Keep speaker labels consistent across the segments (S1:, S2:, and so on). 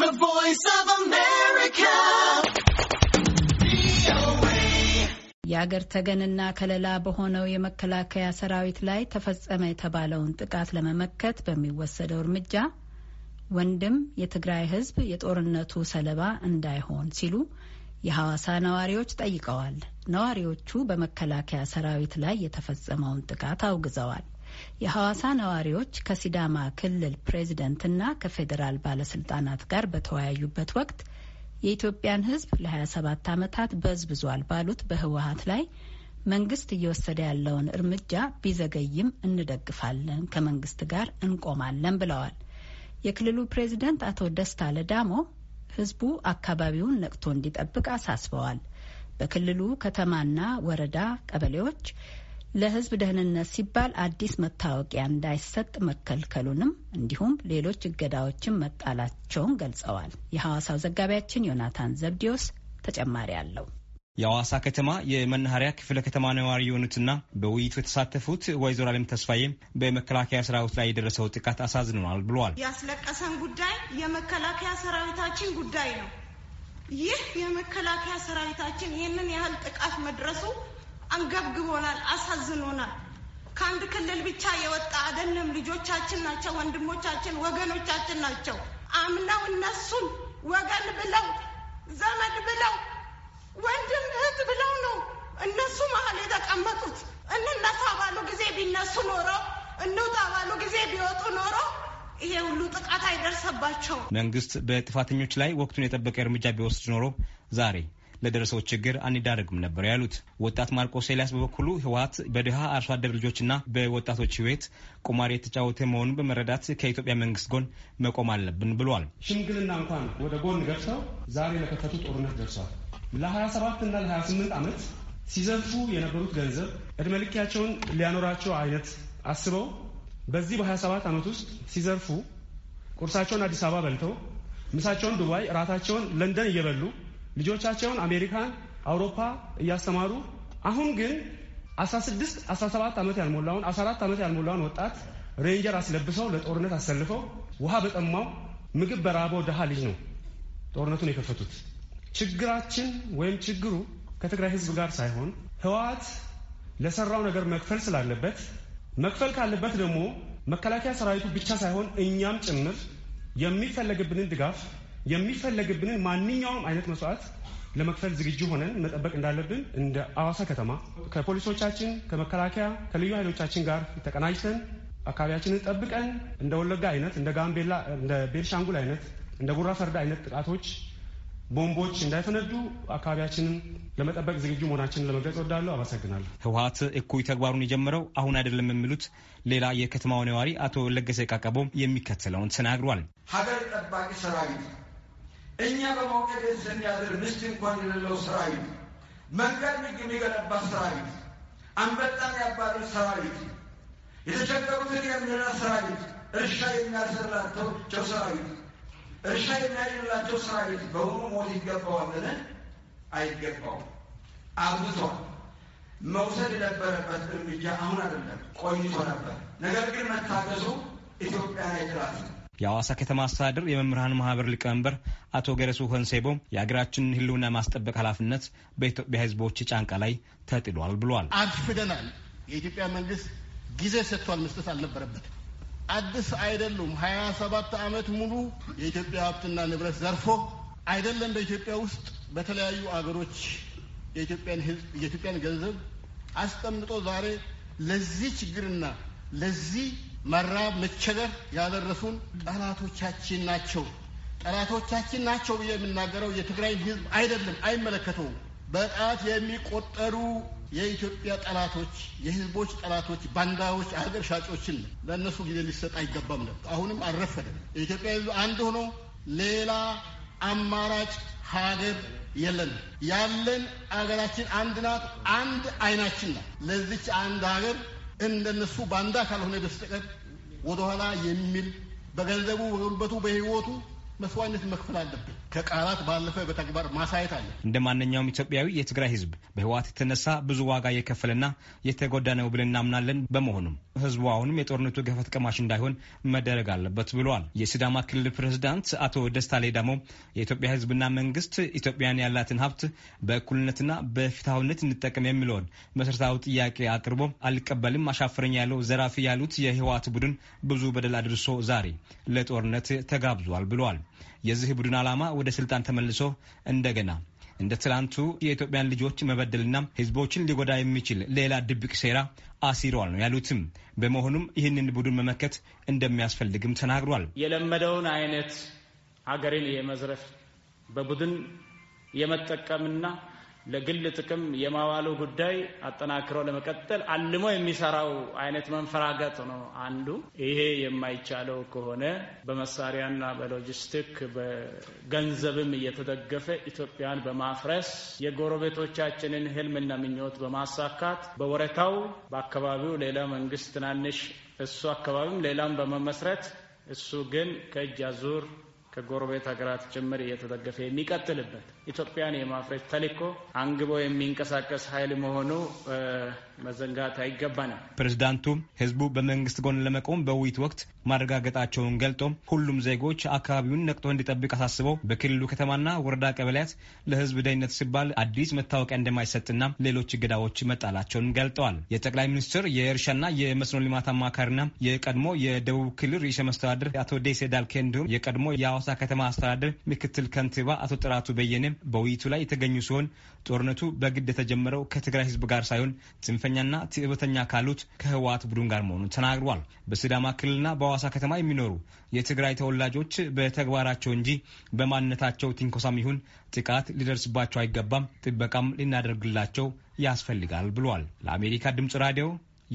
S1: The Voice of America. የአገር ተገንና ከለላ በሆነው የመከላከያ ሰራዊት ላይ ተፈጸመ የተባለውን ጥቃት ለመመከት በሚወሰደው እርምጃ ወንድም የትግራይ ሕዝብ የጦርነቱ ሰለባ እንዳይሆን ሲሉ የሐዋሳ ነዋሪዎች ጠይቀዋል። ነዋሪዎቹ በመከላከያ ሰራዊት ላይ የተፈጸመውን ጥቃት አውግዘዋል። የሐዋሳ ነዋሪዎች ከሲዳማ ክልል ፕሬዝደንትና ከፌዴራል ባለስልጣናት ጋር በተወያዩበት ወቅት የኢትዮጵያን ሕዝብ ለ27 ዓመታት በዝብዟል ባሉት በህወሀት ላይ መንግስት እየወሰደ ያለውን እርምጃ ቢዘገይም እንደግፋለን፣ ከመንግስት ጋር እንቆማለን ብለዋል። የክልሉ ፕሬዝደንት አቶ ደስታ ለዳሞ ህዝቡ አካባቢውን ነቅቶ እንዲጠብቅ አሳስበዋል። በክልሉ ከተማና ወረዳ ቀበሌዎች ለሕዝብ ደህንነት ሲባል አዲስ መታወቂያ እንዳይሰጥ መከልከሉንም እንዲሁም ሌሎች እገዳዎችን መጣላቸውን ገልጸዋል። የሐዋሳው ዘጋቢያችን ዮናታን ዘብዲዮስ ተጨማሪ አለው።
S2: የሐዋሳ ከተማ የመናኸሪያ ክፍለ ከተማ ነዋሪ የሆኑትና በውይይቱ የተሳተፉት ወይዘሮ አለም ተስፋዬም በመከላከያ ሰራዊት ላይ የደረሰው ጥቃት አሳዝኖናል ብለዋል። ያስለቀሰን ጉዳይ የመከላከያ ሰራዊታችን ጉዳይ ነው። ይህ የመከላከያ ሰራዊታችን ይህንን ያህል ጥቃት መድረሱ አንገብግቦናል፣ አሳዝኖናል። ከአንድ ክልል ብቻ የወጣ አይደለም። ልጆቻችን ናቸው፣ ወንድሞቻችን፣ ወገኖቻችን ናቸው። አምነው እነሱን ወገን ብለው ዘመድ ብለው ወንድም እህት ብለው ነው እነሱ መሀል የተቀመጡት። እንነሳ ባሉ ጊዜ ቢነሱ ኖሮ እንውጣ ባሉ ጊዜ ቢወጡ ኖሮ ይሄ ሁሉ ጥቃት አይደርሰባቸው። መንግስት በጥፋተኞች ላይ ወቅቱን የጠበቀ እርምጃ ቢወስድ ኖሮ ዛሬ ለደረሰው ችግር አንዳረግም ነበር ያሉት ወጣት ማርቆስ ኤልያስ በበኩሉ ህወሀት በድሃ አርሶ አደር ልጆችና በወጣቶች ህይወት ቁማር የተጫወተ መሆኑን በመረዳት ከኢትዮጵያ መንግስት ጎን መቆም አለብን ብሏል። ሽምግልና
S3: እንኳን ወደ ጎን ገብሰው ዛሬ ለከተቱ ጦርነት ደርሷል። ለ27 እና ለ28 ዓመት ሲዘርፉ የነበሩት ገንዘብ እድሜ ልካቸውን ሊያኖራቸው አይነት አስበው በዚህ በ27 ዓመት ውስጥ ሲዘርፉ ቁርሳቸውን አዲስ አበባ በልተው ምሳቸውን ዱባይ፣ እራታቸውን ለንደን እየበሉ ልጆቻቸውን አሜሪካን፣ አውሮፓ እያስተማሩ አሁን ግን 16 17 ዓመት ያልሞላውን 14 ዓመት ያልሞላውን ወጣት ሬንጀር አስለብሰው ለጦርነት አሰልፈው ውሃ በጠማው ምግብ በራበው ድሃ ልጅ ነው ጦርነቱን የከፈቱት። ችግራችን ወይም ችግሩ ከትግራይ ሕዝብ ጋር ሳይሆን ህወሓት ለሰራው ነገር መክፈል ስላለበት መክፈል ካለበት ደግሞ መከላከያ ሰራዊቱ ብቻ ሳይሆን እኛም ጭምር የሚፈለግብንን ድጋፍ የሚፈለግብንን ማንኛውም አይነት መስዋዕት ለመክፈል ዝግጁ ሆነን መጠበቅ እንዳለብን እንደ አዋሳ ከተማ ከፖሊሶቻችን፣ ከመከላከያ፣ ከልዩ ኃይሎቻችን ጋር ተቀናጅተን አካባቢያችንን ጠብቀን እንደ ወለጋ አይነት፣ እንደ ጋምቤላ፣ እንደ ቤልሻንጉል አይነት፣ እንደ ጉራ ፈርዳ አይነት ጥቃቶች፣ ቦምቦች እንዳይፈነዱ አካባቢያችንን ለመጠበቅ ዝግጁ
S2: መሆናችንን ለመግለጽ እወዳለሁ። አመሰግናለሁ። ህወሀት እኩይ ተግባሩን የጀመረው አሁን አይደለም የሚሉት ሌላ የከተማው ነዋሪ አቶ ለገሰ ቃቀቦ የሚከተለውን ተናግሯል።
S4: ሀገር ጠባቂ ሰራዊት እኛ በመውቀደት ዘንዳድር ምስት እንኳን የሌለው ሰራዊት፣ መንገድ
S2: የሚገነባ ሰራዊት፣ አንበጣን ያባረር ሰራዊት፣ የተቸገሩትን የሚረዳ ሰራዊት፣ እርሻ የሚያርስላቸው ሰራዊት፣ እርሻ የሚያጭላቸው ሰራዊት በውኑ ሞት ይገባዋልን? አይገባውም። አብዝቷል። መውሰድ የነበረበት እርምጃ አሁን አይደለም፣ ቆይቶ ነበር። ነገር
S4: ግን መታገሱ ኢትዮጵያን አይጥላትም።
S2: የአዋሳ ከተማ አስተዳደር የመምህራን ማህበር ሊቀመንበር አቶ ገረሱ ሆንሴቦ የሀገራችንን ህልውና ማስጠበቅ ኃላፊነት በኢትዮጵያ ህዝቦች ጫንቃ ላይ ተጥሏል ብሏል።
S4: አርፍደናል። የኢትዮጵያ መንግስት ጊዜ ሰጥቷል፣ መስጠት አልነበረበት። አዲስ አይደሉም። ሀያ ሰባት ዓመት ሙሉ የኢትዮጵያ ሀብትና ንብረት ዘርፎ አይደለም በኢትዮጵያ ውስጥ በተለያዩ አገሮች የኢትዮጵያን ህዝብ የኢትዮጵያን ገንዘብ አስቀምጦ ዛሬ ለዚህ ችግርና ለዚህ መራብ፣ መቸገር ያደረሱን ጠላቶቻችን ናቸው። ጠላቶቻችን ናቸው ብዬ የምናገረው የትግራይን ህዝብ አይደለም፣ አይመለከተውም። በጣት የሚቆጠሩ የኢትዮጵያ ጠላቶች፣ የህዝቦች ጠላቶች፣ ባንዳዎች፣ አገር ሻጮችን ለእነሱ ጊዜ ሊሰጥ አይገባም ነበር። አሁንም አልረፈደም። የኢትዮጵያ ህዝብ አንድ ሆኖ ሌላ አማራጭ ሀገር የለን ያለን አገራችን አንድ ናት። አንድ አይናችን ናት። ለዚች አንድ ሀገር እንደነሱ ባንዳ ካልሆነ በስተቀር ወደኋላ የሚል በገንዘቡ በጉልበቱ በህይወቱ መስዋዕነት መክፈል አለብን። ከቃላት ባለፈ በተግባር ማሳየት አለ።
S2: እንደ ማንኛውም ኢትዮጵያዊ የትግራይ ህዝብ በህወሓት የተነሳ ብዙ ዋጋ የከፈለና የተጎዳ ነው ብለን እናምናለን። በመሆኑም ህዝቡ አሁንም የጦርነቱ ገፈት ቀማሽ እንዳይሆን መደረግ አለበት ብለዋል። የሲዳማ ክልል ፕሬዚዳንት አቶ ደስታ ሌዳሞ የኢትዮጵያ ህዝብና መንግስት ኢትዮጵያን ያላትን ሀብት በእኩልነትና በፍትሐዊነት እንጠቀም የሚለውን መሰረታዊ ጥያቄ አቅርቦ አልቀበልም፣ አሻፍረኝ ያለው ዘራፊ ያሉት የህወሓት ቡድን ብዙ በደል አድርሶ ዛሬ ለጦርነት ተጋብዟል ብለዋል። የዚህ ቡድን ዓላማ ወደ ስልጣን ተመልሶ እንደገና እንደ ትላንቱ የኢትዮጵያን ልጆች መበደልና ህዝቦችን ሊጎዳ የሚችል ሌላ ድብቅ ሴራ አሲረዋል ነው ያሉትም። በመሆኑም ይህንን ቡድን መመከት እንደሚያስፈልግም ተናግሯል። የለመደውን አይነት ሀገርን የመዝረፍ በቡድን የመጠቀምና ለግል ጥቅም የማዋሉ ጉዳይ አጠናክሮ ለመቀጠል አልሞ የሚሰራው አይነት መንፈራገጥ ነው አንዱ። ይሄ የማይቻለው ከሆነ በመሳሪያና በሎጂስቲክ በገንዘብም እየተደገፈ ኢትዮጵያን በማፍረስ የጎረቤቶቻችንን ህልምና ምኞት በማሳካት በወረታው በአካባቢው ሌላ መንግስት ትናንሽ እሱ አካባቢም ሌላም በመመስረት እሱ ግን ከእጅ አዙር ከጎረቤት ሀገራት ጭምር እየተደገፈ የሚቀጥልበት ኢትዮጵያን የማፍረጅ ተልዕኮ አንግቦ የሚንቀሳቀስ ኃይል መሆኑ መዘንጋት አይገባንም። ፕሬዝዳንቱ ህዝቡ በመንግስት ጎን ለመቆም በውይይት ወቅት ማረጋገጣቸውን ገልጦ ሁሉም ዜጎች አካባቢውን ነቅቶ እንዲጠብቅ አሳስበው በክልሉ ከተማና ወረዳ ቀበሌያት ለህዝብ ደህንነት ሲባል አዲስ መታወቂያ እንደማይሰጥና ሌሎች እገዳዎች መጣላቸውን ገልጠዋል። የጠቅላይ ሚኒስትር የእርሻና የመስኖ ልማት አማካሪና የቀድሞ የደቡብ ክልል ርዕሰ መስተዳድር አቶ ደሴ ዳልኬ እንዲሁም የቀድሞ የ ሐዋሳ ከተማ አስተዳደር ምክትል ከንቲባ አቶ ጥራቱ በየነ በውይይቱ ላይ የተገኙ ሲሆን ጦርነቱ በግድ የተጀመረው ከትግራይ ህዝብ ጋር ሳይሆን ጽንፈኛና ትዕበተኛ ካሉት ከህወሓት ቡድን ጋር መሆኑን ተናግሯል። በሲዳማ ክልልና በሐዋሳ ከተማ የሚኖሩ የትግራይ ተወላጆች በተግባራቸው እንጂ በማንነታቸው ትንኮሳም ይሁን ጥቃት ሊደርስባቸው አይገባም፣ ጥበቃም ሊናደርግላቸው ያስፈልጋል ብሏል። ለአሜሪካ ድምጽ ራዲዮ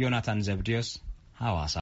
S2: ዮናታን ዘብዲዮስ ሐዋሳ